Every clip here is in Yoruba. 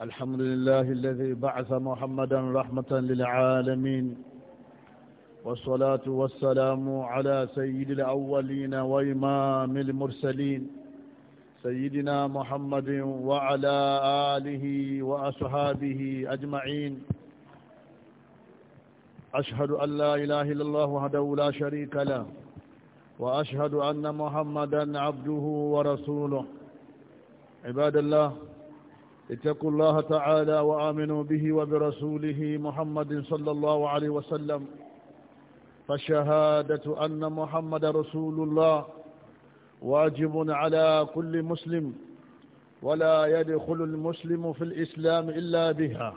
الحمد لله الذي بعث محمدا رحمة للعالمين والصلاة والسلام على سيد الأولين وإمام المرسلين سيدنا محمد وعلى آله وأصحابه أجمعين أشهد أن لا إله إلا الله وحده لا شريك له وأشهد أن محمدا عبده ورسوله عباد الله اتقوا الله تعالى وآمنوا به وبرسوله محمد صلى الله عليه وسلم فشهادة أن محمد رسول الله واجب على كل مسلم ولا يدخل المسلم في الإسلام إلا بها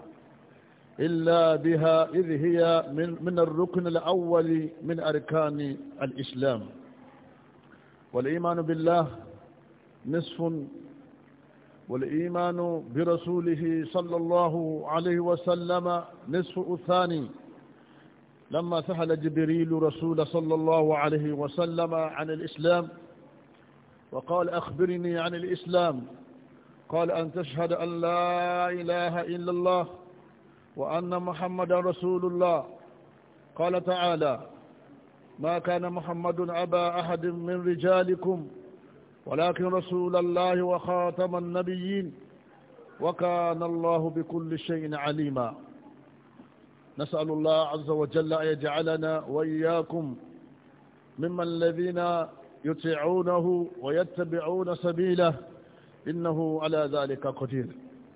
إلا بها إذ هي من, من الركن الأول من أركان الإسلام والإيمان بالله نصف والإيمان برسوله صلى الله عليه وسلم نصف الثاني لما سأل جبريل رسول صلى الله عليه وسلم عن الإسلام وقال أخبرني عن الإسلام قال أن تشهد أن لا إله إلا الله وأن محمد رسول الله قال تعالى ما كان محمد أبا أحد من رجالكم ولكن رسول الله وخاتم النبيين وكان الله بكل شيء عليما نسأل الله عز وجل أن يجعلنا وإياكم ممن الذين يطيعونه ويتبعون سبيله إنه على ذلك قدير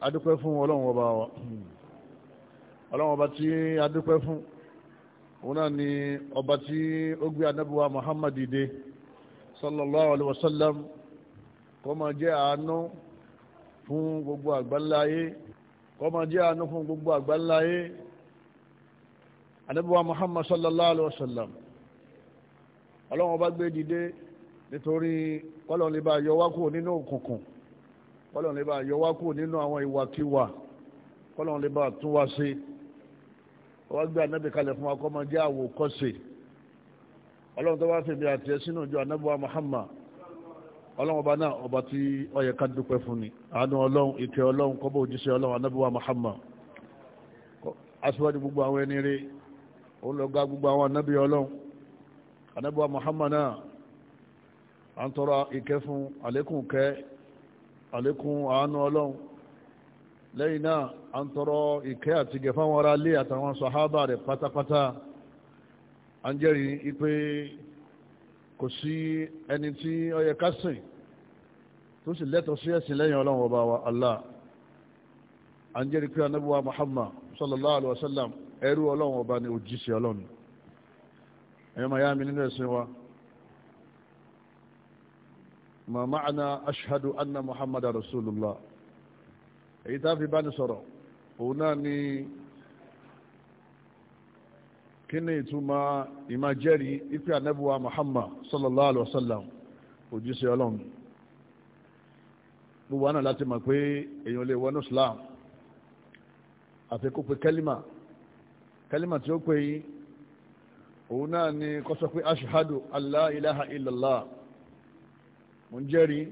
adúpẹ́ fún ولون وباوة wa ọlọ́run ọba tí هناني fún òun náà محمد ọba صلى الله عليه وسلم kó máa jẹ́ àánú fún gbogbo àgbáláyé kó máa jẹ́ àánú fún gbogbo àgbáláyé anabiwa muhammad sallallahu alaihi wasallam ọlọ́run ọba gbé dìde nítorí kọ́lọ́n lè bá yọ wá kúrò nínú òkùnkùn kọ́lọ́n lè bá yọ wá kúrò nínú àwọn ìwàkiwà kọ́lọ́n lè bá tún wá sí wọ́n gbé anabi kalẹ̀ fún wa jẹ́ àwòkọ́ṣe ọlọ́run tó wá fèmí àti ẹ̀ sínú ìjọ ọlọ́run ọba náà ọba tí ó yẹ ká dúpẹ́ fún ni àánú ọlọ́run ìkẹ́ ọlọ́run kọ́bọ̀ òjíṣẹ́ ọlọ́run anábíwá aṣíwájú gbogbo àwọn ẹni rí gbogbo àwọn anábí ọlọ́run anábíwá náà à ń tọrọ ìkẹ́ fún àlékún kẹ́ àlékún àánú ọlọ́run lẹ́yìn náà à ń tọrọ ìkẹ́ àti fáwọn ará kò sí ẹni tí ó yẹ ká sìn tó sì lẹ́tọ̀ọ́ sí ẹ̀sìn lẹ́yìn ọlọ́run ọba wa Allah à ń jẹ́rìí pé anábíwá Muhammad sallallahu alayhi wa sallam ẹrú ọlọ́run ọba ni òjíṣẹ́ ọlọ́run ẹ̀yọ́ máa yá mi nínú ẹ̀sìn wa ma ma'ana ashhadu anna Muhammad rasulullah èyí tá a fi bá ní sọ̀rọ̀ òun náà ni kí ni ìtumọ̀ ìmájẹ́rì ipe anabuwa Muhammad sallallahu alayhi wa sallam òjíṣẹ́ ọlọ́run gbogbo àná láti mọ̀ pé èèyàn lè wọnú Islam àti kó pe kẹ́límà kẹ́límà tí ó pè yí òun náà ni kó sọ pé ashhadu allah ilaha illallah mo ń jẹ́rìí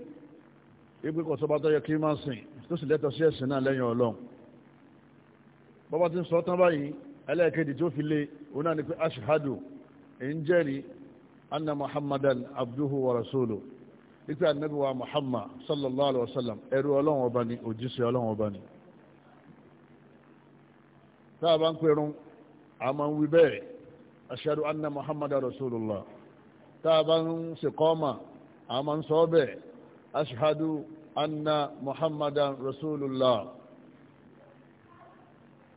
ipe kò sọba tó yẹ kí n máa sìn tó sì lẹ́tọ̀ọ́ sí ẹ̀sìn náà lẹ́yìn ọlọ́run bọ́bá ti ń sọ tán báyìí ẹlẹ́ẹ̀kejì tó fi lé òun náà ni pé ashhadu ń jẹ́rìí anna muhammadan abduhu wa rasuluhu ipe anabi wa muhammad sallallahu alaihi wasallam ẹrú ọlọ́run ọba ni òjíṣẹ́ ọlọ́run ọba ni tá a bá ń pẹ̀rún a máa ń wí bẹ́ẹ̀ ashhadu anna muhammadan rasulullah tá bá ń ṣèkọ́mà a máa ń sọ bẹ́ẹ̀ ashhadu anna muhammadan rasulullah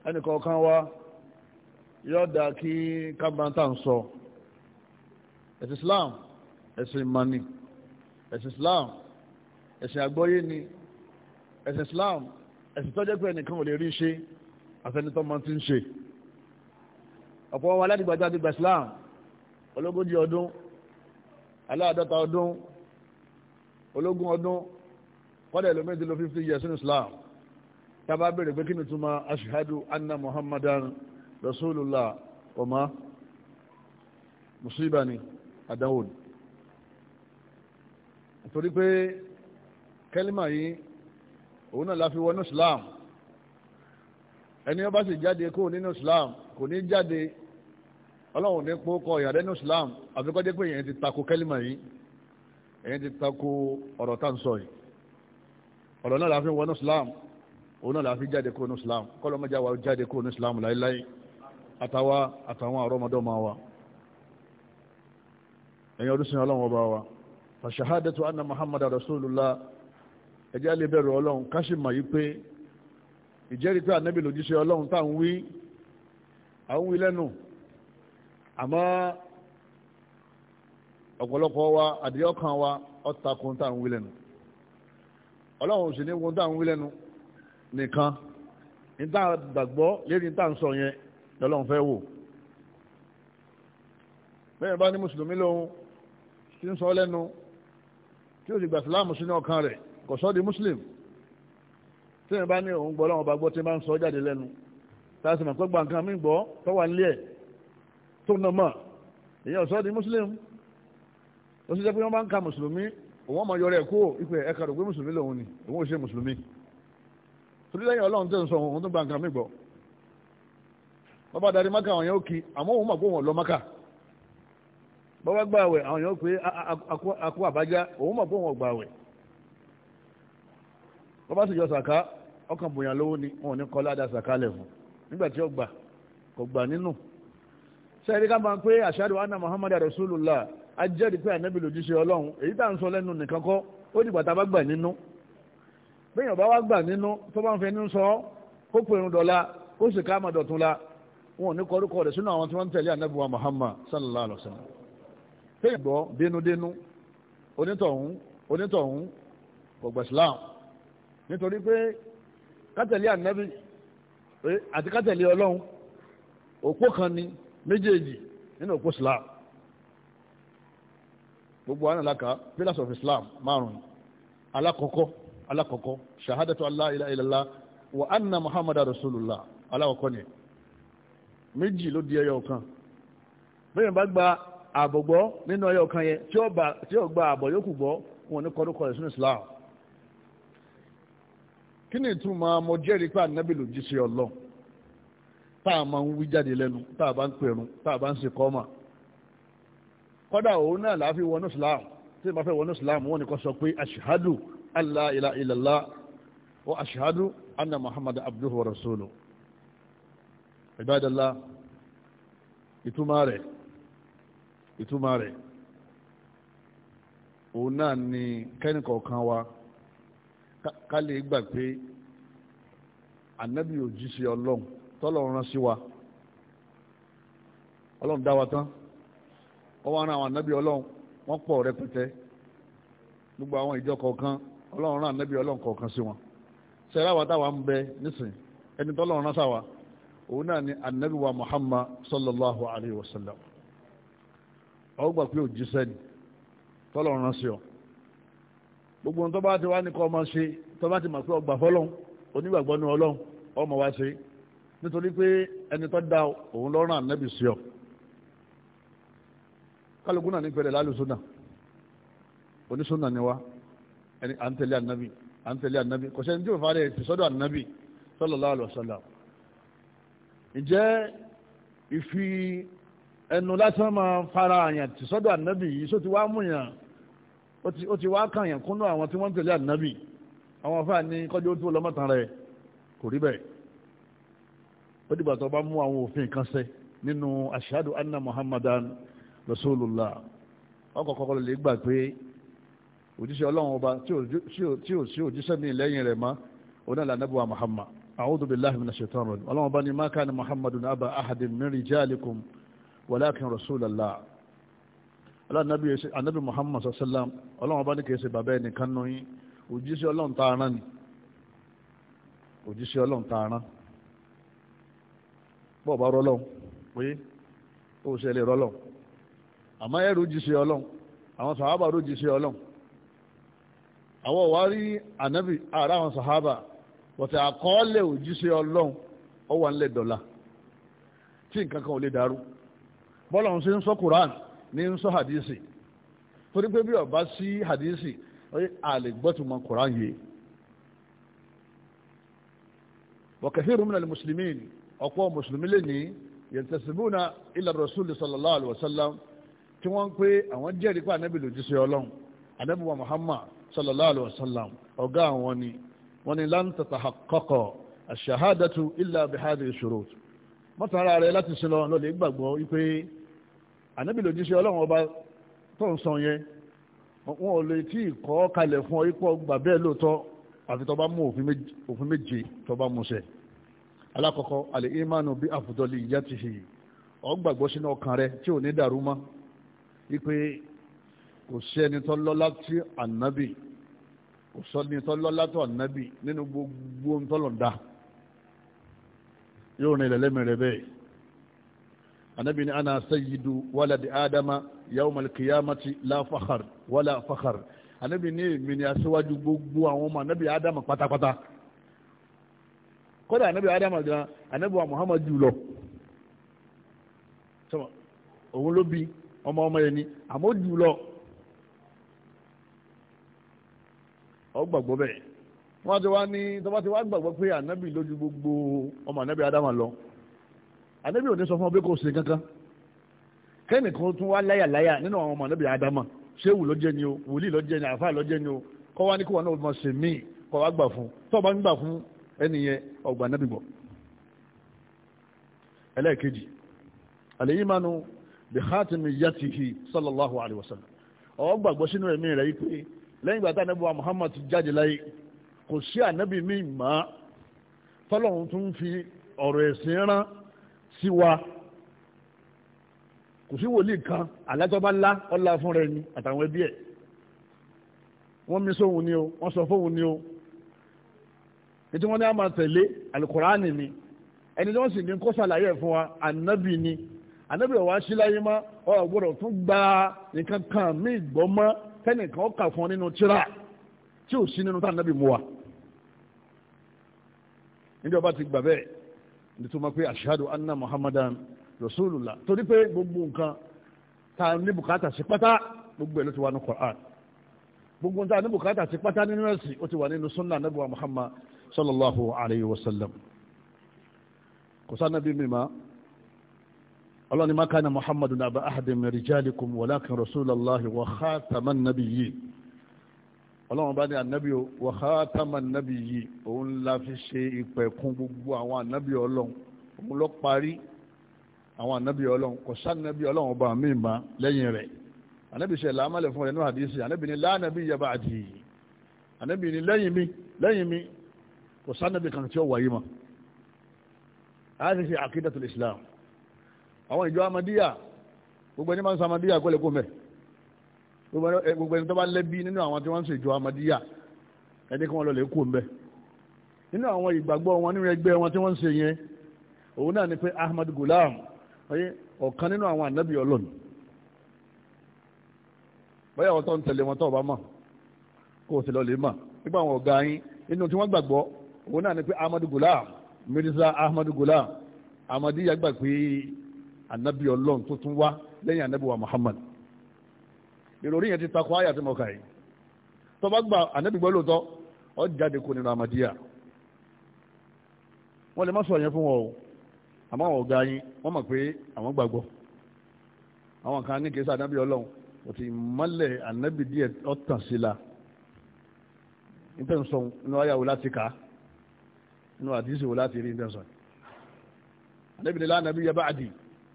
ẹnì kọ̀ọ̀kan wa yóò dáa kí kábàntà ń sọ ẹ̀sìn Islam ẹ̀sìn ìmọ̀ni ẹ̀sìn Islam ẹ̀sìn àgbọ́yé ni ẹ̀sìn Islam ẹ̀sìn tọ́jẹ́ pé ẹnìkan ò lè rí ṣe àfẹnitọ́ máa ti ń ṣe ọ̀pọ̀ wa aládìgbàtà ti gba Islam ológójì ọdún aláàdọ́ta ọdún ológún ọdún kọ́dà ẹlòmíín ti lò fifty years nínú Islam tá a bá béèrè pé kí ni túmọ̀ ashhadu anna Muhammadan rasulullah ọmọ musiba ni àdáwò ni torí pé kẹ́límà yìí òun náà la fi wọnú islam ẹni ó bá sì jáde kó nínú islam kò ní jáde ọlọ́run ní pókọ ìyàrá nínú islam àfikọ́jẹ́ pé èyàn ti tako kẹ́límà yìí èyàn ti tako ọ̀rọ̀ tá ń sọ yìí ọ̀rọ̀ náà la fi wọnú islam òun náà la jáde kó nínú islam kọ́lọ́mọ́jà wa jáde kó nínú islam láéláé. Atawa àtàwọn àrọ́mọdọ́mọ wa ẹ̀yin ọdún sin ọlọ́run ọba wa fàṣàhádẹ́tù anna muhammad rasulullah ẹjẹ́ alẹ́ bẹ̀rù ọlọ́run káṣí yí pé ìjẹ́rìí pé ànábì ọlọ́run ń wí wí lẹ́nu àmọ́ ọ̀pọ̀lọpọ̀ wa wa ń wí lẹ́nu ọlọ́run sì ní wọn lọ́lọ́run fẹ́ wò bẹ́ẹ̀ bá ní mùsùlùmí lòun tí ń sọ lẹ́nu tí ó sì gbà síláàmù sínú ọkàn rẹ̀ kò sọ́ di muslim tí ìyẹn bá ní òun gbọ́ lọ́wọ́ bá gbọ́ tí ń bá ń sọ jáde lẹ́nu tá a sì mọ̀ pé gba nǹkan mí gbọ́ tó wà nílé ẹ̀ tó nà mọ̀ èyí ọ̀sọ́ di muslim ó sì jẹ́ pé wọ́n bá ń ka mùsùlùmí òun ọmọ yọrọ ẹ̀ kó ipò ẹ̀ kàrò pé mùsùlùmí lòun ni òun ò ṣe mùsùlùmí torí lẹ́yìn ọlọ́run tẹ̀ òun tó gba nǹkan mí gbọ́ bọ́bá darí maka àwọn yẹn ó kí àmọ́ òun mọ̀ pé òun lọ maka bọ́bá gbààwẹ̀ àwọn yẹn ó pé àbájá òun mọ̀ pé òun gbààwẹ̀ sì yọ sàká ọkàn bòyàn lówó ni ní kọ́lá dá sàká lẹ̀ fún nígbà tí ó gbà kò ashadu anna muhammad ajẹ́rìí pé ànábì lòjíṣẹ́ ọlọ́run èyí tá à ń sọ lẹ́nu nìkan a bá gbà nínú bẹ́ẹ̀ bá wá gbà nínú tó bá ń wọn ò ní kọ orúkọ rẹ̀ sínú àwọn tí wọ́n ń tẹ̀lé ànábùwà Muhammad sallallahu alaihi wa sallam gbọ́ dénúdénú onítọ̀hún onítọ̀hún Islam nítorí pé kátẹ̀lé ànábì àti kátẹ̀lé ọlọ́run òpó kan ni méjèèjì nínú òpó Islam gbogbo àwọn alaka pillars of Islam márùn-ún alákọ̀ọ́kọ́ shahadatu allah ilaha illallah wa anna muhammadu rasulullah alákọ̀ọ́kọ́ ni méjì ló di ẹyọ kan bẹ́ẹ̀ bá gba ààbọ̀ gbọ́ nínú ẹyọ kan yẹn tí ó gba yókù gbọ́ wọn ní ẹ̀sùn Islam kí ni ìtumọ̀ jẹ́rìí pé ànábì ló ọlọ́ tá a máa ń wí jáde lẹ́nu a bá ń tá a bá ń kọ́dà òun náà láàfi sọ pé wa anna Muhammad ìbádọ́lá ìtumá rẹ̀ ìtumá rẹ̀ òun náà ni kẹ́nìkọ̀ọ̀kan wa ká lè gbà pé ànábì òjíṣẹ́ ọlọ́run tọ́lọ́run rán sí wa ọlọ́run dá wa tán wọ́n wá ran àwọn ànábì ọlọ́run wọ́n pọ̀ rẹpẹtẹ gbogbo àwọn ìjọ kọ̀ọ̀kan ọlọ́run rán ànábì ọlọ́run kọ̀ọ̀kan sí wọn ṣẹlẹ́ àwọn táwa ń bẹ nísìn ẹni tọ́lọ́run rán sáwa òun náà ni anabi wa muhammad sallallahu alayhi wa sallam ọ pé òjíṣẹ́ ni tọ́lọ̀ rán sí ọ gbogbo ohun tó bá ti wá ní kọ́ ọmọ ṣe tó bá ti mọ̀ pé ọgbà fọlọ́n anabi sí ọ kálukú náà ní pẹ̀lẹ́ lálùsọ́nà onísọ́nà ni wa ẹni anabi à ń anabi kò sẹ́ni tí anabi ǹjẹ́ ìfi ẹnu lásán máa fara àyàn tí sọ́dọ̀ ànábì yìí só ti wá mú yàn ó ti wá kàyàn kúnnú àwọn tí wọ́n ń tẹ̀lé ànábì àwọn afáà ní kọ́jú ó tó lọ́mọ́tàn rẹ̀ kò rí bẹ́ẹ̀ ó dìgbà tó bá mú àwọn òfin kan ṣẹ nínú ashhadu anna muhammadan rasulullah ọkọ̀ kọ́kọ́ lè gbà pé òjíṣẹ́ ọlọ́run ọba tí ò sí òjíṣẹ́ ní ìlẹ́yìn rẹ̀ mọ́ onílànàbùwà muhammad أعوذ بالله من الشيطان الرجيم اللهم بني ما كان محمد أبا أحد من رجالكم ولكن رسول الله النبي النبي محمد صلى الله عليه وسلم اللهم بني كيسي بابين كانوا òjíṣẹ́ ọlọ́run tààrán ni òjíṣẹ́ ọlọ́run tààrán bọ́ọ̀ bá rọ́lọ́run pé ó ṣe lè rọ́lọ́run àmọ́ ẹ̀rù òjíṣẹ́ ọlọ́run àwọn sàhábà rójíṣẹ́ ọlọ́run àwọn wá rí ànábì àrà àwọn sàhábà wọ̀tẹ̀ àkọọ́lẹ̀ òjíṣẹ́ ọlọ́run ó wà nílẹ̀ dọ̀la tí nǹkan kan ò lè dàrú bọ́lá ń ṣe ń sọ Quran ní ń sọ hadisi torí pé bí ó sí hadisi a lè gbọ́tùmọ̀ Quran yìí wọ̀kẹ̀fẹ́ rúmìnà lè mùsùlùmí ọ̀pọ̀ mùsùlùmí lè ní yẹ̀ntẹ̀sìbúnà ila rasul sallallahu alaihi wasallam tí wọ́n ń pé àwọn jẹ́rìí pé ọlọ́run wa Muhammad sallallahu ọ̀gá àwọn ni wọ́n ní lan tatahaqqa ash-shahadatu illa bihadhihi shurut mọ́tàrà rẹ̀ láti ṣe lọ lọ́lẹ̀ gbàgbọ́ wípé ànábì lòjíṣẹ́ ọlọ́run ọba tó ń san yẹn wọn ò lè tí ì kọ́ kalẹ̀ fún ọ gbà bẹ́ẹ̀ lóòótọ́ àfi tó mú òfin méje tó bá alákọ̀ọ́kọ́ àlè ìmánu bí àfùdọ́lì ìyá ti hì ọ gbàgbọ́ sínú ọkàn rẹ tí ò ní dàrú mọ́ wípé kò sí ẹni tó lọ́lá tí ànábì kò sọ ní tọ́lọ́lá tó ànábì nínú gbogbo tọ́lọ̀dá yóò rìn lẹ́lẹ́mì rẹ̀ bẹ́ẹ̀ ànábì ni ana sayyidu waladi adama yawmal qiyamati la fakhar wala fakhar ànábì ní èmi ni aṣíwájú gbogbo àwọn ọmọ ànábì adama pátápátá kódà ànábì adama gan ànábì wa muhammadu lọ òun ló bí ọmọ ọmọ yẹn ni àmọ́ lọ ọgbàgbọ́ bẹ́ẹ̀ wọ́n ti wá ní tọ́ba ti wá gbàgbọ́ pé ànábì lójú gbogbo ọmọ ànábì adama lọ ànábì ò ní sọ fún ọ pé kò ṣe kankan kẹ́nìkan tún wá láyàláyà nínú àwọn ọmọ ànábì adama ṣéwù ló jẹ́ ni o wòlíì ló jẹ́ ni àfáà ló jẹ́ ni o kọ́ wá ní kó wọn náà mọ̀ sí míì kọ́ wá gbà fún tọ́ba ń gbà fún ẹnìyẹn ọgbà ànábì gbọ́ ẹlẹ́ẹ̀kejì àlèyímánu bí hátìmí yàtìhì sallallahu alayhi wa sallam ọ gbàgbọ́ sínú ẹ̀mí rẹ̀ yìí pé lẹ́yìn ìgbà tí ànábì wa Muhammad ti jáde láyé kò sí ànábì mi mọ́ tọ́lọ́run tún fi ọ̀rọ̀ ẹ̀sìn rán sí wa kò sí wòlíì kan àlátọ́ba ńlá ọ̀la fún rẹ ni àtàwọn ẹbí ẹ̀ wọ́n mi sóhun ni o wọ́n sọ fóhun ni o ètò wọn ni a máa tẹ̀lé alukuraani ni ẹni tí wọ́n sì ní kó ṣàlàyé fún wa ànábì ni ànábì ọ̀wá síláyé má ọ̀ gbọ́dọ̀ tún gba nǹkan kan mí gbọ́ mọ́ tẹ́nìkan ó kà fún ọ nínú tíra tí ò sí nínú tá ànábì mú wa níjọ́ bá ti gbà bẹ́ẹ̀ ní tó máa pé ashhadu anna muhammadan rasulullah torí pé gbogbo nǹkan ta ní bùkátà sí pátá gbogbo ẹ̀ ló ti wà ní Qur'an gbogbo ta ní bùkátà sí pátá nínú ẹ̀sìn ó ti wà nínú sunna ànábì wa muhammad sallallahu alayhi wa sallam kò sá ànábì mi máa Allah ní makana muhammadu naba ahadin min rijalikum walakin rasulallahi wa khataman nabiyyi ọlọ́run bá ní ànábì wa khataman nabiyyi òun la fi ṣe ìpẹ̀kun gbogbo àwọn ànábì ọlọ́run òun lọ parí àwọn ànábì ọlọ́run kò sá ànábì ọlọ́run ọba mi ma lẹ́yìn rẹ̀ ànábì ṣe làámàlẹ̀ fún rẹ̀ nínú hadisi ànábì ní la nabiyya ba'di ànábì ní lẹ́yìn mi àwọn ìjọ amadíyà gbogbo ẹni máa ń samadíyà kó lè kó mẹ́ gbogbo ẹni tó bá lẹ́bí nínú àwọn tí wọ́n ń ṣèjọ amadíyà ẹni kí wọ́n lọ lè kó mẹ́ nínú àwọn ìgbàgbọ́ wọn nínú ẹgbẹ́ wọn tí wọ́n ń ṣe yẹn òun náà ni pé Ahmad Gulam ọ̀kan nínú àwọn ànábì ọlọ́ni báyà wọ́n tó ń tẹ̀lé wọn tó ọba mọ̀ kó o sì lọ lè mọ̀ nígbà àwọn ọ̀gá yín nínú tí wọ́n gbàgbọ́ òun náà ni pé Ahmad Gulam Mirza Ahmad Gulam Ahmadiyya gbà anabi ọlọ́run tó tún wá lẹ́yìn anabi wa muhammad ìròrí yẹn ti takọ àyà tí mo kà yìí tó bá gba anabi gbọ́ lóòótọ́ ó jáde kó nínú amadiya wọ́n lè má sọ yẹn fún wọn o àmọ́ àwọn ọ̀gá yín wọ́n mọ̀ pé àwọn gbàgbọ́ àwọn kan ní kìí sá anabi ọlọ́run kò tí mọ́lẹ̀ anabi díẹ̀ ọ̀tàn sí la nítorí sọ inú àyà wo láti kà á inú àdìsí wo láti rí nítorí anabi ni lánàbí yẹ bá àdìyí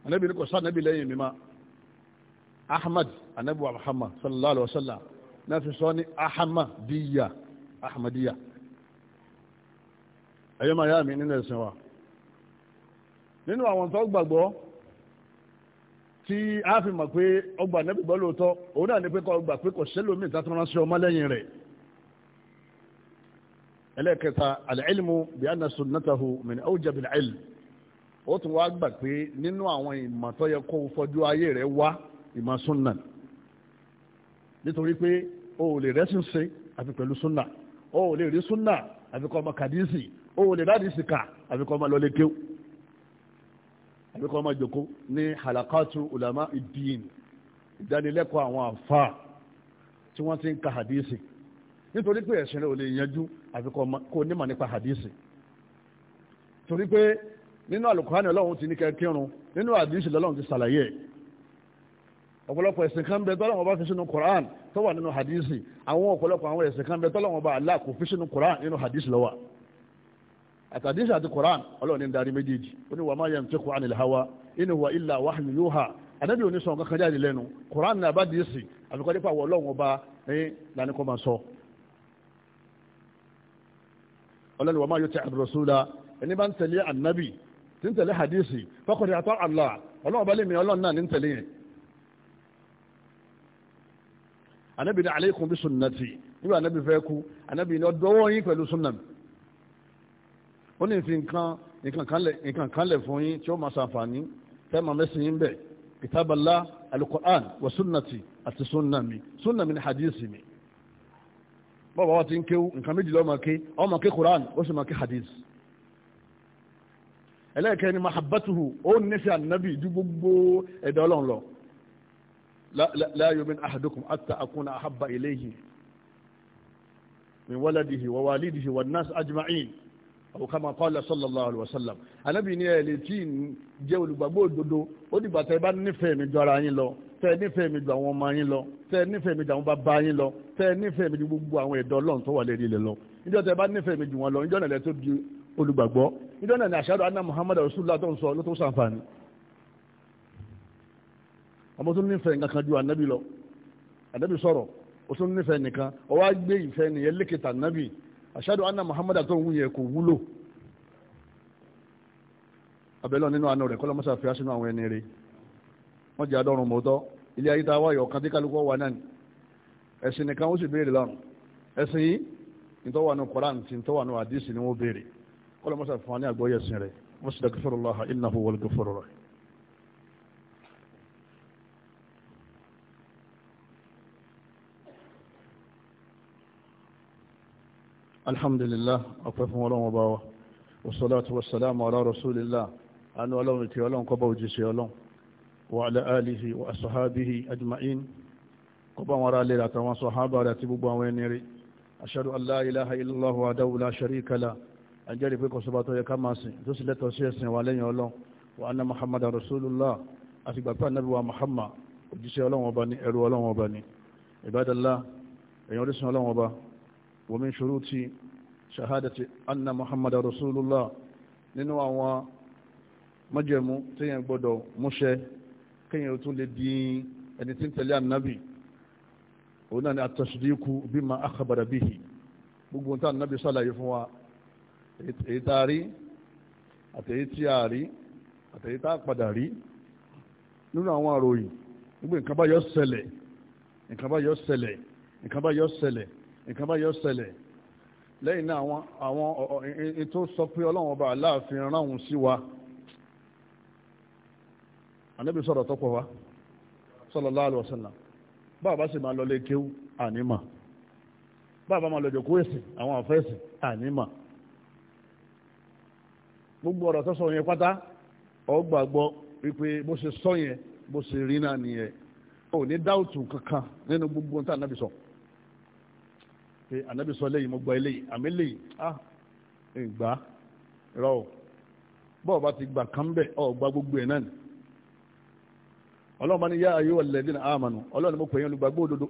anabi ní kò sá anabi lẹ́yìn mi ma ahmad anabi wa muhammad sallallahu alaihi wa sallam náà fi sọ ní ahmadiya ahmadiya ẹ̀yọ́ máa yá mi nínú ẹ̀sìn wa nínú àwọn tó gbàgbọ́ tí a fi mọ̀ pé ọgbà anabi gbọ́ lóòótọ́ òun náà ní pé kọ́ pé kò sẹ́lómi ìtàtúmọ̀ ránṣẹ́ ọmọ lẹ́yìn rẹ̀ ẹlẹ́kẹta al-ilmu bi anna sunnatahu min awjabil ilm ó tún wá gbà pé nínú àwọn ìmọ̀ tó yẹ kó o fọjú ayé rẹ wá ìmọ̀ súnà nítorí pé o ò lè rẹ́sìn ṣe àfi pẹ̀lú súnà o ò lè rí súnà àfi kọ́ ọmọ kàdísì o ò lè dádìsì kà àfi kọ́ ọmọ lọlé kéw àfi kọ́ ọmọ jòkó ní halakatu ulama iddin ìdánilẹ́kọ̀ọ́ àwọn àfa tí wọ́n ti ń ka hadisi nítorí pé ẹ̀sìn rẹ̀ ò lè yanjú àfi kọ́ ọmọ kó onímọ̀ nípa hadisi torí pé nínú àlùkùránì ọlọ́run ti ní kẹkẹrun nínú àdìsí lọ́lọ́run ti ṣàlàyé ọ̀pọ̀lọpọ̀ ẹ̀sìn kan bẹ tọ́lọ́run ọba fi sínú Quran tó wà nínú hadisi àwọn ọ̀pọ̀lọpọ̀ àwọn ẹ̀sìn kan bẹ tọ́lọ́run ọba Allah kò fi sínú Quran nínú hadisi lọ́wọ́ àtàdísì àti Quran ọlọ́run ní darí méjèèjì ó ní wà máa yẹn tíkù ànìlẹ̀ hawa inú wa ilà wahyu yuha anábì ò ní sọ nǹkan jáde lẹ́nu Quran ní abádìsì àfikọ́dípà wọ ọlọ́run ọba eh, ní lánìkọ́ máa sọ ọlọ́run wà máa yóò tẹ àdúrà sódà ẹni bá ń tẹ̀lé ànábì tí ń tẹ̀lé hadisi faqad ata Allah ọlọ́run bá lè mi ọlọ́run náà ní ń tẹ̀lé yẹn anabi ni aleikum bi sunnati nígbà anabi fẹ́ kú anabi ni ọdọ́wọ́ yín pẹ̀lú sunna mi ó ní fi nǹkan nǹkan kan lẹ̀ fún yín tí ó máa ṣàǹfààní tẹ́ máa mẹ́sìn yín bẹ̀ kìtàbàlá alukur'an wa sunnati àti sunna mi sunna mi ni hadisi mi bọ́ọ̀bá wa ti ń kéwú nǹkan méjìlá ẹlẹ́ẹ̀kẹ́ ni mahabbatuhu ó nífẹ̀ẹ́ ànábì ju gbogbo ẹ̀dá ọlọ́run lọ la yu'min ahadukum hatta akuna ahabba ilayhi min waladihi wa walidihi wa nas ajma'in aw kama qala sallallahu alaihi wasallam ànábì ní ẹ̀lẹ́ tí jẹ́ olùgbàgbọ́ òdodo ó dìgbà tẹ́ bá nífẹ̀ẹ́ mi ju ara yín lọ tẹ́ nífẹ̀ẹ́ mi ju àwọn ọmọ yín lọ tẹ́ nífẹ̀ẹ́ mi ju àwọn bàbá yín lọ tẹ́ nífẹ̀ẹ́ mi ju gbogbo àwọn ẹ̀dá ọlọ́run tó wà lérí ilẹ̀ lọ níjọ́ bá nífẹ̀ẹ́ mi ju wọn lọ níjọ́ nàlẹ́ tó di olùgbàgbọ́ níjọ́ náà ni àṣàdù anna muhammadu rasulullah tó ń sọ ló tó sàǹfààní ọmọ tó nífẹ̀ẹ́ nǹkan kan ju ànábì lọ ànábì sọ̀rọ̀ ó tún nífẹ̀ẹ́ nìkan ó wá gbé ìfẹ́ nìyẹn lékètà ànábì àṣàdù anna muhammadu tó ń wúyẹ kò wúlò abẹ́lọ́ nínú àánú rẹ̀ kọ́lọ́mọ́sà fi aṣínú àwọn ẹni rẹ̀ wọ́n jẹ́ adọ́run mọ́tọ́ ilé ayé tá a wáyọ̀ kan tí kálukú wà náà ẹ̀sìn nìkan ó sì béèrè lọ́rùn ẹ̀sìn yìí ìtọ́wà nù Kùránì tí ìtọ́wà nù àdìsí ni wọ́n béèrè kọ́lọ̀ mọ́sá fún wa ní àgbọ́yé ẹ̀sìn rẹ̀ wọ́n sì dàgbé fọ́rọ̀ lọ́ha iná fún wọlé fọ́rọ̀ rẹ̀. alhamdulillah ọ̀pẹ́ fún ọlọ́run ọba wa wasalatu wasalamu ala rasulillah anu ọlọ́run ti ọlọ́run kọ́bá òjíṣẹ́ ọlọ́run wa ala alihi wa asahabihi ajma'in kọ́bá wọn ara lera ajẹ́rìí pé kọ̀sọ́bà tó yẹ ká máa sìn tó sì lẹ́tọ̀ọ́ sí ẹ̀sìn wa lẹ́yìn ọlọ́run wa anna muhammad rasulullah àti gbàgbé anabi wa muhammad òjíṣẹ́ ọlọ́run ọba ni ẹrú ọlọ́run ọba ni ibadallah èèyàn orísun ọlọ́run ọba wa min shuruti shahadati anna muhammad rasulullah nínú àwọn májẹ̀mú téèyàn gbọ́dọ̀ múṣẹ kéèyàn tún lè di ẹni tí ń tẹ̀lé anabi òun náà ni at-tasdiqu bima akhbara bihi gbogbo nǹkan anabi sàlàyé fún wa èyí tá a rí àtẹ̀yí tí a rí àtẹ̀yí tá a padà rí nínú àwọn àròyìn nígbà nǹkan bá yọ ṣẹlẹ̀ nǹkan bá yọ ṣẹlẹ̀ nǹkan bá yọ ṣẹlẹ̀ nǹkan bá yọ ṣẹlẹ̀ lẹ́yìn náà àwọn àwọn ètò sọ pé ọlọ́run ọba aláàfin ránhùn sí wa ànábì sọ̀rọ̀ tọ́pọ̀ wa sallallahu alaihi wasallam bá bá sì máa lọ lé kéwú ànímà bá a bá máa lọ jòkó ẹ̀sìn àwọn àfẹ́sìn ànímà gbogbo ọ̀rọ̀ tó sọ yẹn pátá ó gbàgbọ́ wípé bó ṣe sọ yẹn bó ṣe rí náà nìyẹn ò kankan nínú gbogbo ohun tí ànábì sọ pé ànábì sọ léyìí mo gbọ́ ah ìgbà rọ ò bọ́ọ̀ bá ti gbà kán gba gbogbo ẹ̀ náà ni ọlọ́run yá ayé àmànù mo pè olùgbàgbọ́ òdodo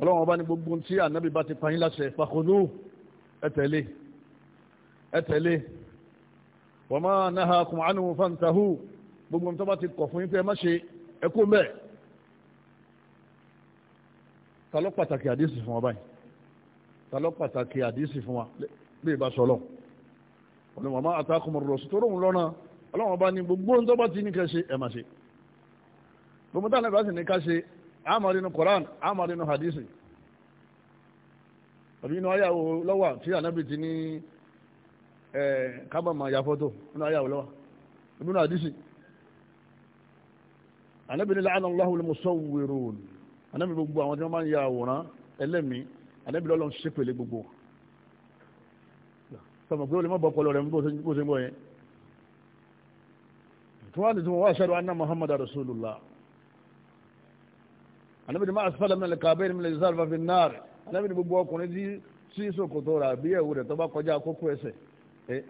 ọlọ́run ọba ní gbogbo tí ànábì bá ti pa yín láṣẹ fàkónú ẹtẹ̀lé ẹtẹ̀lé wọ́n máa náà kùn ánú fàǹtàhù gbogbo tó bá ti kọ̀ fún yín pé ẹ má ṣe ẹkú mẹ́ ta ló pàtàkì àdísì fún wa báyìí ta ló pàtàkì àdísì fún wa bí ìbá sọ lọ́wọ́ ọlọ́run àtàkùn rọ̀ sí tó lọ́nà ọlọ́run ọba ní gbogbo tó bá ti ní kẹ́ ṣe ẹ má ṣe gbogbo tá àmọ́ nínú Quran àmọ́ nínú hadisi àbí inú ayàwó lọ́wà tí ànábì ti ní kábàmà ya fọ́tò inú ayàwó lọ́wà inú hadisi ànábì ní la'ana Allahu al-musawwirun ànábì gbogbo àwọn tí wọ́n máa ń ya àwòrán ẹlẹ́mìí ànábì lọ́lọ́ ṣe pèlè gbogbo sọmọ pé olè mọ́bọ̀ pọlọ rẹ̀ bó ṣe ń bọ̀ yẹn tí wọ́n á ti tún wọ́n wá ṣẹ́rọ anábìnrin máa sọ́lá mi lẹ́ka abẹ́rẹ́ mi lè sáré fi náà rẹ̀ anábìnrin gbogbo ọkùnrin tí sí ìsòkòtò rà bí ẹ̀wù rẹ̀ tó bá kọjá kókó ẹsẹ̀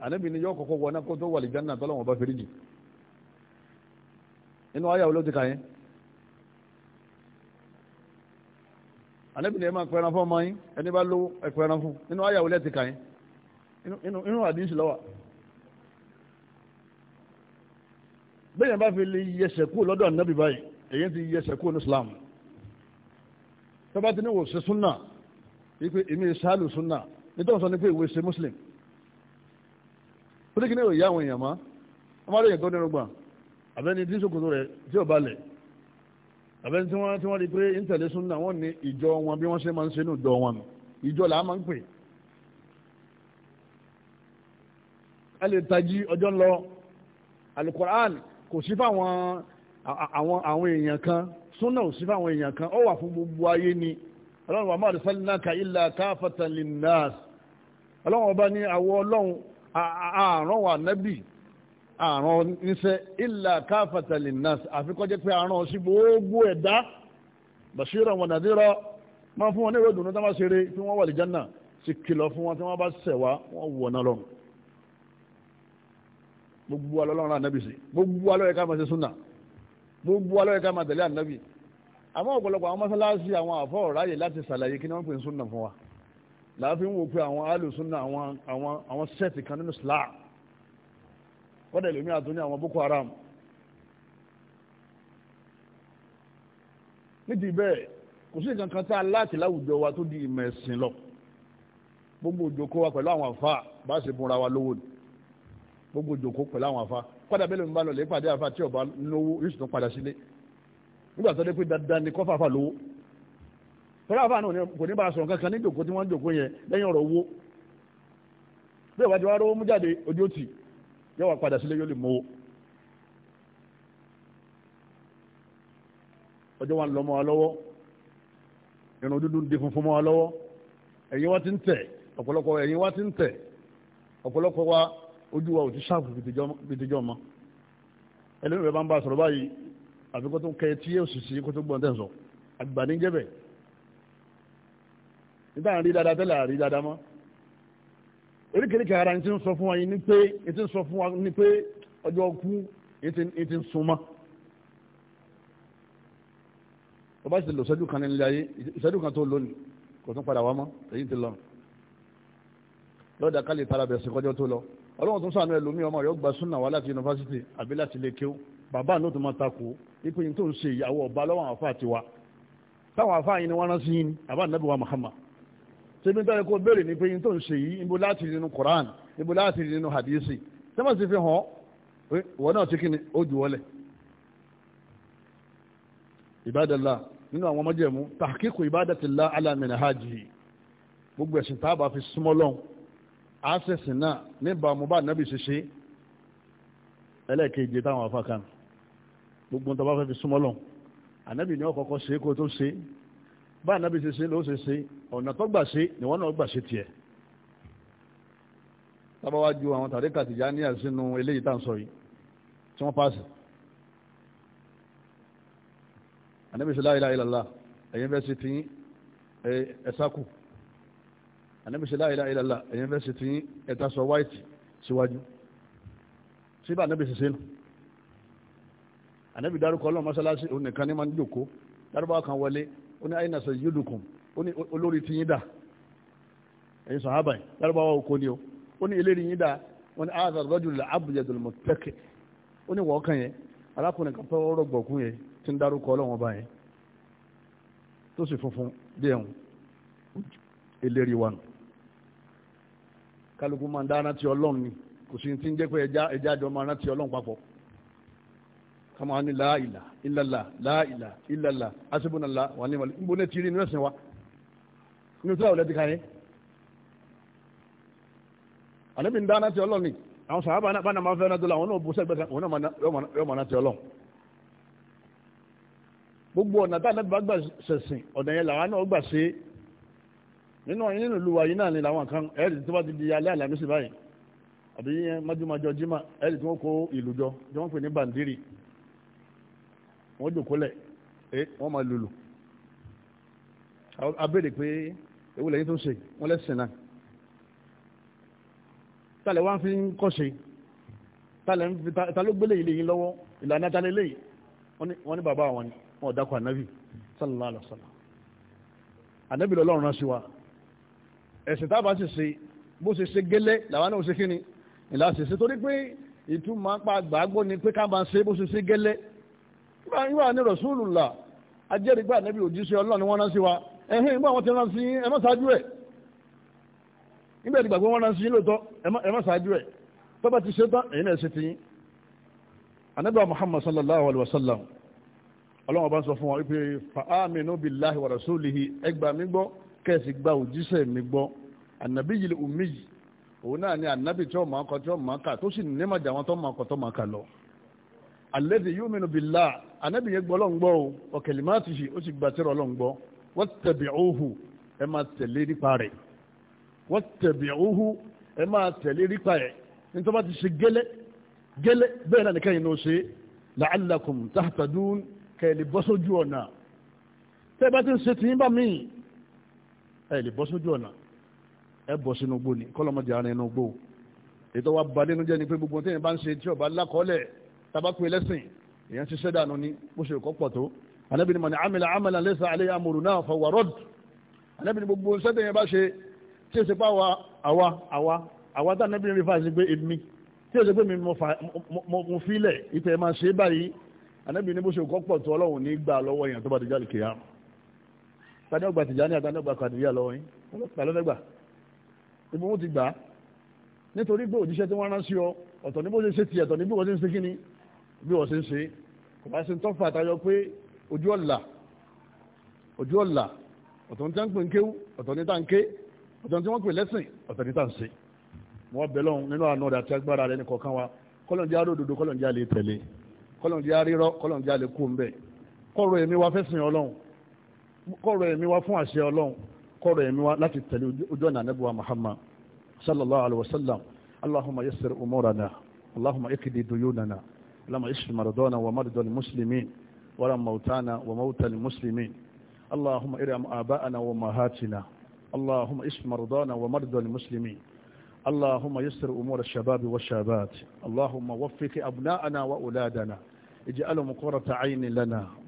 anábìnrin yóò kọ́kọ́ wọná kó tó wà lè jánà tọ́lọ́wọ́n bá fèrè jì inú ayáwó ló ti kà yín anábìnrin ẹ máa pẹran fún ọmọ yín ẹni bá lówó ẹ pẹran fún inú ayáwó lẹ́ ti kà yín inú àdínsì lọ́wọ́ bẹ́ẹ̀ yẹn bá fi yẹsẹ̀ kú lọ́dọ̀ ànábì báyìí èyí ti yẹsẹ̀ kú ní Islam tọ́ba ti ní wò ṣe súnà wípé èmi ṣáàlù súnà nítorí sọ ni pé ìwé ṣe muslim ó ní kí ní òye àwọn èèyàn mọ́ wọ́n máa lóyìn tó nínú gbọ̀n àbẹ́ni tí sòkòtò rẹ̀ tí ò balẹ̀ àbẹ́ni tí wọ́n tí wọ́n di pé ń tẹ̀lé súnà wọ́n ní ìjọ wọn bí wọ́n ṣe máa ń ṣe ní ìjọ wọn ìjọ làá máa ń pè ẹ lè tají ọjọ́ lọ alukoran kò sí fáwọn àwọn èèyàn kan súnà ò sí fáwọn èèyàn kan ó wà fún gbogbo ayé ni ọlọ́run àmọ́ àdìsánìláka ilà káfàtàn linnas ọlọ́run ọba ní àwọ ọlọ́run àárán wà nábì àárán níṣẹ́ ilà káfàtàn àfikọ́jẹ́ pé àárán sí gbogbo ẹ̀dá bàṣírà wọn nàdírọ́ máa fún wọn ní ìròdùnú tó ṣeré tí wọ́n wà lè jánà sí kìlọ̀ fún wọn tí wọ́n bá ṣẹ̀wá wọ́n wọ̀ náà lọ́run gbogbo alọ́lọ́run ànábìsì gbogbo alọ́yẹ̀ká máa ṣe súnà gbogbo alọ́yẹ ká máa tẹ̀lé ànábì àmọ́ ọ̀pọ̀lọpọ̀ àwọn mọ́sálásí àwọn àfọ́ ọ̀ráyè láti ṣàlàyé kí ni wọ́n pè ń súnà fún wa láàfin wò pé àwọn alùsúnà àwọn sẹ́ẹ̀tì kan nínú Islam kọ́dẹ̀ lómi àtúnyẹ àwọn Boko Haram nídìí bẹ́ẹ̀ kò sí nǹkan kan tá a láti láwùjọ wa tó di ìmọ̀ ẹ̀sìn lọ gbogbo òjòkó wa pẹ̀lú àwọn àfa bá ṣe bùnra wa lówó ni gbogbo jòkó pẹ̀lú àwọn afa kọ́dà bẹ́ẹ̀ ló ń bá lọ lè pàdé afa tí ọba lówó yóò sì tún padà sílé nígbà tó dé pé dandan ni kọ́fà afa lówó tọ́lá afa náà kò ní bá a sọ̀rọ̀ kankan ní jòkó tí wọ́n ń jòkó yẹn lẹ́yìn ọ̀rọ̀ owó bí ìwádìí wa rówó mú jáde ojú ó tì yóò wá padà sílé yóò lè mówó ọjọ́ wa ń lọ mọ́ wa lọ́wọ́ irun dúdú di funfun mọ́ wa lọ́wọ́ ẹ̀yin wa ti ń tẹ̀ ọ̀pọ̀lọpọ̀ ẹ̀yin wa ti ń tẹ̀ ọ̀pọ̀lọpọ̀ wa ojú wa ò ti ṣáàpù bìtìjọ́ ọmọ ẹlẹ́nu rẹ̀ bá ń bá sọ̀rọ̀ báyìí àfikún tó ń kẹ́ tí yóò sì sí kó tó gbọ́n tẹ̀ sọ àgbà ní jẹ́bẹ̀ nígbà àrí dáadáa tẹ́lẹ̀ àrí dáadáa mọ́ oríkèéríkè ara ní ti ń sọ fún wa ní pé ní ti ń sọ fún wa ní pé ọjọ́ kú ní ti ń súnmọ́ ọba sì lò sẹ́dù kan nílé ayé ìṣẹ́dù kan tó lónìí kò tún padà wá mọ́ èyí ti lọ lọ́dà ká lè tara bẹ̀sìn kọjọ́ tó lọ ọlọ́run tó sànú ẹlòmí ọmọ rẹ̀ ó gba súnà wá láti yunifásitì àbí láti ilé kéw bàbá náà tó máa takò ipò yìí tó ń ṣe ìyàwó ọba lọ́wọ́ àwọn afáà tiwa táwọn afáà yìí ni wọ́n rán sí yìí àbá nàbí wa Muhammad ṣébi tó yẹ kó béèrè ní pé yìí tó ń ṣe yìí ibo láti rí nínú Quran ibo láti rí nínú hadisi sẹ́mọ̀ sì fi hàn wọ́n náà ti kí ni ó jù wọlé ìbádàlá nínú àwọn ọmọdé mu tahqiqu ibadatillah ala minhajihi gbogbo ẹ̀sìn táàbà fi súnmọ́ lọ́hùn àṣẹ̀sìn náà níbàámu bá nábì ṣiṣẹ́ ẹlẹ́ẹ̀kejì táwọn afákan gbogbo tó bá fẹ́ fi súnmọ́ lọ ànábì ni ó kọ́kọ́ ṣe kó tó ṣe bá ànábì ṣe ló ṣe ṣe ọ̀nà tó gbà ṣe ni wọ́n náà gbà ṣe tiẹ̀ tábàwájú àwọn tàríkà Tìjàníyà sínú eléyìí tá à ń sọ yìí tí wọ́n paasi ànábì ṣe la ilaha illallah ẹ̀yin fẹ́ ṣe tiyín ẹ̀ ẹ̀sákù ànábìsí láìlá ìlàlá ẹ̀yẹn fẹ́ ṣe ti ẹ̀ta sọ wáìtì síwájú síbà ànábìsí sínú ànábì dárúkọ ọlọ́run mọ́sálásí òun nìkan ní máa ń jòkó dárúbá kan wọlé ó ní àyìnà sọ yídùkùn ó ní olórí ti yín dà ẹ̀yin sàhábà yìí dárúbá wa oko ni o ó ní eléyìí yín dà wọ́n ní ààzà rọ́jù lè abùjẹ̀dùn mọ̀tẹ́kẹ̀ ó ní wọ́ọ̀kan yẹn arákùnrin kan tọ́wọ́ rọ̀gbọ̀kún yẹn ti ń dárúkọ ọlọ́run ọba yẹn tó sì funfun bí ẹ̀hún eléyìí wa nù kálukú máa ń dá rántí ọlọ́run ni kò sí ti ń jẹ́ pé ẹja ẹja jọ máa rántí ọlọ́run papọ̀ kama wani láìlà ìlàlà láìlà ìlàlà asibunala wà ní ìmọ̀lẹ́ níbo ní ti rí inú ẹ̀sìn wa inú tí àwọn ẹ̀dí ká yẹn ànábì ń dá rántí ọlọ́run ni àwọn sàábà náà bá náà máa fẹ́ rántí ọlọ́run àwọn náà bú sẹ́gbẹ́ kan òun náà yọ máa rántí ọlọ́run gbogbo ọ̀nà tá ànábì bá gbà sẹ̀sìn ọ̀nà yẹn nínú ọ̀yìn nínú ìlú wa náà ni làwọn kan ẹ̀rì tí wọ́n ti di alẹ́ àlàmísì báyìí àbí mọ́júmọ́jọ jimá ẹ̀rì tí wọ́n kó ìlú jọ tí wọ́n pè ní bàǹdírì wọ́n jòkólẹ̀ ẹ wọ́n máa lùlù abéèrè pé ewu lẹ́yìn tó ṣe wọ́n lẹ́sìn náà tálẹ̀ wá fi ń kọ́ṣe tálẹ̀ ń fi ta ló gbélé ilé yìí lọ́wọ́ ìlànà tálẹ̀ lé wọ́n ní bàbá wọn ò dákọ̀ ànábì sallallahu alaihi wasallam ànábì lọ́lọ́run rán sí wa ẹ̀sìn tábà sì ṣe bó ṣe ṣe gẹ́lẹ́ làwọn náà ṣe kí ni ìlà ṣe ṣe torí pé ìtumọ̀ pa gbàgbọ́ ni pé ká máa ṣe bó ṣe ṣe gẹ́lẹ́ nígbà ní rọ̀ṣúlùlà ajẹ́rìgbà nẹ́bí òjíṣẹ́ ọlọ́run wọn rán sí wa ẹ̀hìn nígbà wọn ti rán sí ẹ má ṣáájú ẹ̀ nígbà ìdìgbà pé wọ́n rán sí lóòótọ́ ẹ ṣáájú ẹ̀ tó ti ṣe tán èyí náà ṣe ti yín muhammad sallallahu alayhi wa sallam ọlọ́run ọba ń sọ fún wa wípé fa'aminu billahi wa rasulihi ẹgbàá kẹ́sì gba òjíṣẹ́ mi gbọ́ ànábì yìí omi yìí òun náà ni ànábì tí ọmọ akọ tí ọmọ aka tó sì ní màjà àwọn tó mọ akọ tó mọ aka lọ alladhi yu'minu billah ànábì yẹn gbọ́ Ọlọ́run gbọ́ o wa kalimatihi ó sì gba tẹ́rọ Ọlọ́run gbọ́ wattabi'uhu ẹ máa tẹ̀lé nípa rẹ̀ wattabi'uhu ẹ máa tẹ̀lé nípa rẹ̀ nítorí bá ti ṣe gẹ́lẹ́ gẹ́lẹ́ bẹ́ẹ̀ náà nìkan yìí ní o ṣe la'allakum tahtadun kẹ́lẹ́ bọ́sójú ọ̀nà tẹ́ bá ti ń ṣe tìyín míì ẹ lè bọ́ sójú ọ̀nà ẹ bọ̀ sínú gbó ni kọ́lọ́mọdé ara inú gbó ètò wa ba nínú jẹ́ ni pé gbogbo tí èèyàn bá ń ṣe tí ọba lákọ́ọ́lẹ̀ tabakú ẹlẹ́sìn èèyàn ti ṣẹ́dá nu ni bó ṣe kọ́ pọ̀ tó anábì ni mọ̀ ní amìlà amìlà lẹ́sà alẹ́ amòrò náà fọ wàrọ́d anábì gbogbo sẹ́dẹ̀ yẹn bá ṣe tí èsì pa àwa àwa àwa àwa tá anábì rí fáṣí pé èmi tí èsì pé mi mo fi ilẹ̀ ìtẹ̀ máa ṣe báyìí anábì bó ṣe kọ́ pọ̀ tó ọlọ́run ní gbà lọ́wọ́ èèyàn tó bá ti jáde kìyàmù tani ọgbà tìjà ní àtàní ọgbà kàdìríà lọ́wọ́ yín ọlọ́pàá lọ́fẹ́gbà ibi wọn ti gbà á nítorí pé òjíṣẹ́ tí wọ́n rán sí ọ ọ̀tọ̀ ní bó ṣe ṣe ti ẹ̀tọ̀ ní bí wọ́n ṣe ń ṣe kíni bí wọ́n ṣe ń ṣe kò bá ṣe ń tọ́fà àtayọ pé ojú ọ̀la ojú ọ̀la ọ̀tọ̀ ní táǹpẹ̀ ń kéwú ọ̀tọ̀ ní táǹké ọ̀tọ̀ ní wọ́n pè lẹ́sìn ọ̀tọ̀ ní táǹṣe mo bẹ̀ lọ́hùn nínú àánú ọ̀dà tí agbára rẹ̀ nìkọ̀ọ̀kan wa kọ́lọ̀njẹ́ aródodo kọ́lọ̀njẹ́ alẹ́ tẹ̀lé kọ́lọ̀njẹ́ arírọ́ kọ́lọ̀njẹ́ alẹ́ kú ń bẹ̀ kọ́rọ̀ èmi wa fẹ́ sìn ọlọ́run kọ́rọ̀ ẹ̀mí wa fún àṣẹ ọlọ́run kọ́rọ̀ ẹ̀mí wa láti tẹ̀lé ojú ọ̀nà anábíwá muhammad sallallahu alaihi wasallam allahumma yassir umurana allahumma ikidi duyunana allahumma ishfi maradona wa maradon muslimin wala mautana wa mautan muslimin allahumma irham aba'ana wa mahatina allahumma ishfi maradona wa maradon muslimin اللهم يسر أمور الشباب والشابات اللهم وفق أبناءنا وأولادنا اجعلهم قرة عين لنا